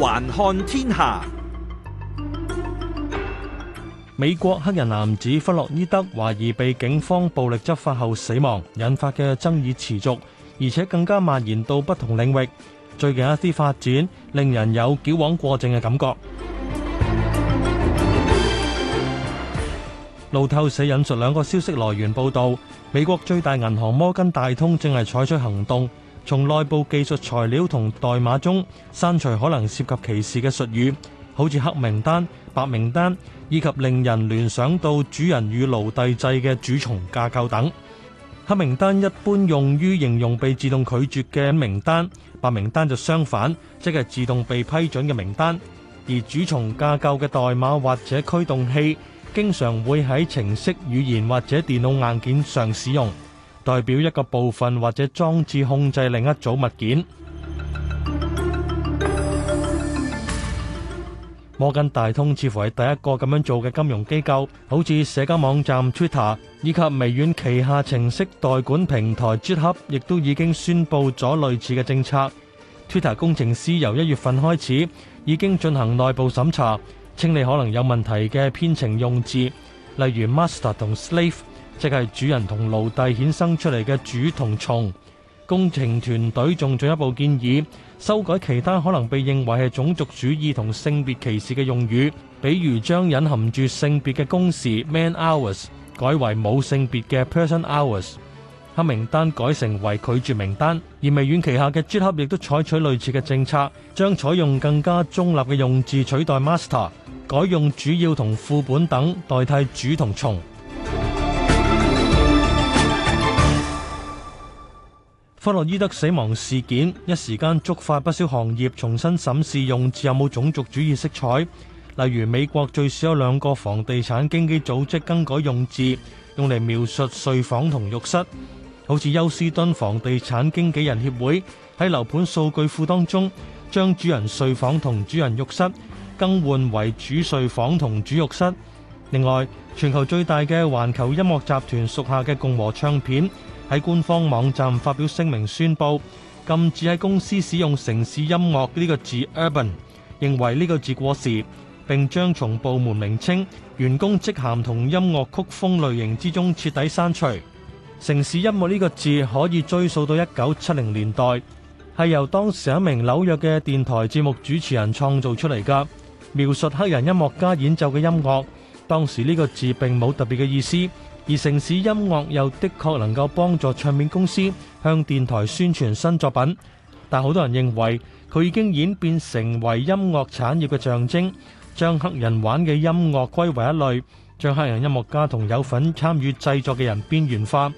環看天下，美國黑人男子弗洛伊德懷疑被警方暴力執法後死亡，引發嘅爭議持續，而且更加蔓延到不同領域。最近一啲發展，令人有矯枉過正嘅感覺。路透社引述兩個消息來源報道，美國最大銀行摩根大通正係採取行動。從內部技術材料同代碼中刪除可能涉及歧視嘅術語，好似黑名單、白名單以及令人聯想到主人與奴隸制嘅主從架構等。黑名單一般用於形容被自動拒絕嘅名單，白名單就相反，即係自動被批准嘅名單。而主從架構嘅代碼或者驅動器經常會喺程式語言或者電腦硬件上使用。代表一個部分或者裝置控制另一組物件。摩根大通似乎係第一個咁樣做嘅金融機構，好似社交網站 Twitter 以及微軟旗下程式代管平台 GitHub 亦都已經宣布咗類似嘅政策。Twitter 工程師由一月份開始已經進行內部審查，清理可能有問題嘅編程用字，例如 master 同 slave。即係主人同奴隸衍生出嚟嘅主同從。工程團隊仲進一步建議修改其他可能被認為係種族主義同性別歧視嘅用語，比如將隱含住性別嘅工時 （man hours） 改為冇性別嘅 （person hours）。黑名單改成為拒絕名單。而微軟旗下嘅 GitHub 亦都採取類似嘅政策，將採用更加中立嘅用字取代 master，改用主要同副本等代替主同從。弗洛伊德死亡事件一時間觸發不少行業重新審視用字有冇種族主義色彩，例如美國最少有兩個房地產經紀組織更改用字，用嚟描述睡房同浴室，好似休斯敦房地產經紀人協會喺樓盤數據庫當中，將主人睡房同主人浴室更換為主睡房同主浴室。另外，全球最大嘅環球音樂集團屬下嘅共和唱片，喺官方網站發表聲明宣佈禁止喺公司使用城市音樂呢個字 urban，認為呢個字過時，並將從部門名稱、員工職銜同音樂曲風類型之中徹底刪除。城市音樂呢個字可以追溯到一九七零年代，係由當時一名紐約嘅電台節目主持人創造出嚟㗎，描述黑人音樂家演奏嘅音樂。當時呢個字並冇特別嘅意思。而城市音樂又的確能夠幫助唱片公司向電台宣傳新作品，但好多人認為佢已經演變成為音樂產業嘅象徵，將黑人玩嘅音樂歸為一類，將黑人音樂家同有份參與製作嘅人邊緣化。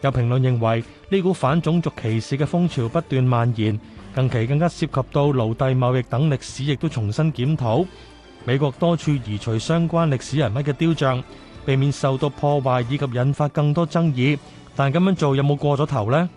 有評論認為呢股反種族歧視嘅風潮不斷蔓延，近期更加涉及到奴隸貿易等歷史，亦都重新檢討。美國多處移除相關歷史人物嘅雕像，避免受到破壞以及引發更多爭議。但咁樣做有冇過咗頭呢？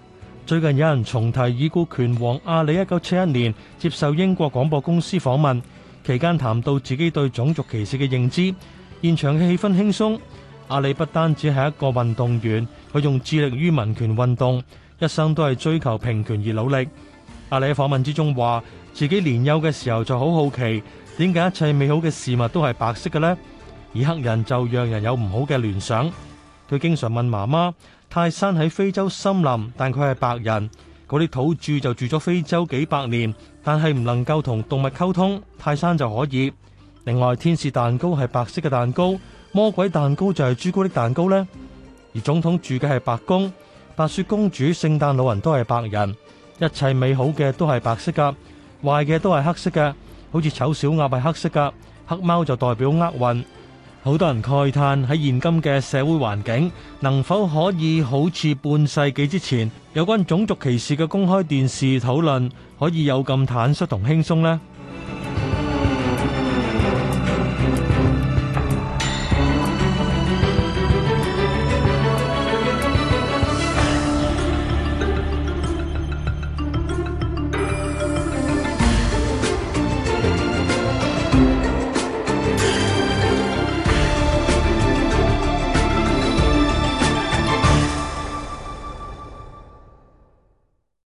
最近有人重提已故拳王阿里。一九七一年接受英國廣播公司訪問期間，談到自己對種族歧視嘅認知。現場嘅氣氛輕鬆。阿里不單止係一個運動員，佢仲致力於民權運動，一生都係追求平權而努力。阿里喺訪問之中話，自己年幼嘅時候就好好奇。點解一切美好嘅事物都係白色嘅呢？而黑人就讓人有唔好嘅聯想。佢經常問媽媽：泰山喺非洲森林，但佢係白人；嗰啲土著就住咗非洲幾百年，但係唔能夠同動物溝通。泰山就可以。另外，天使蛋糕係白色嘅蛋糕，魔鬼蛋糕就係朱古力蛋糕呢。而總統住嘅係白宮，白雪公主、聖誕老人都係白人，一切美好嘅都係白色㗎，壞嘅都係黑色嘅。好似醜小鴨係黑色㗎，黑貓就代表厄運。好多人慨嘆喺現今嘅社會環境，能否可以好似半世紀之前有關種族歧視嘅公開電視討論，可以有咁坦率同輕鬆呢？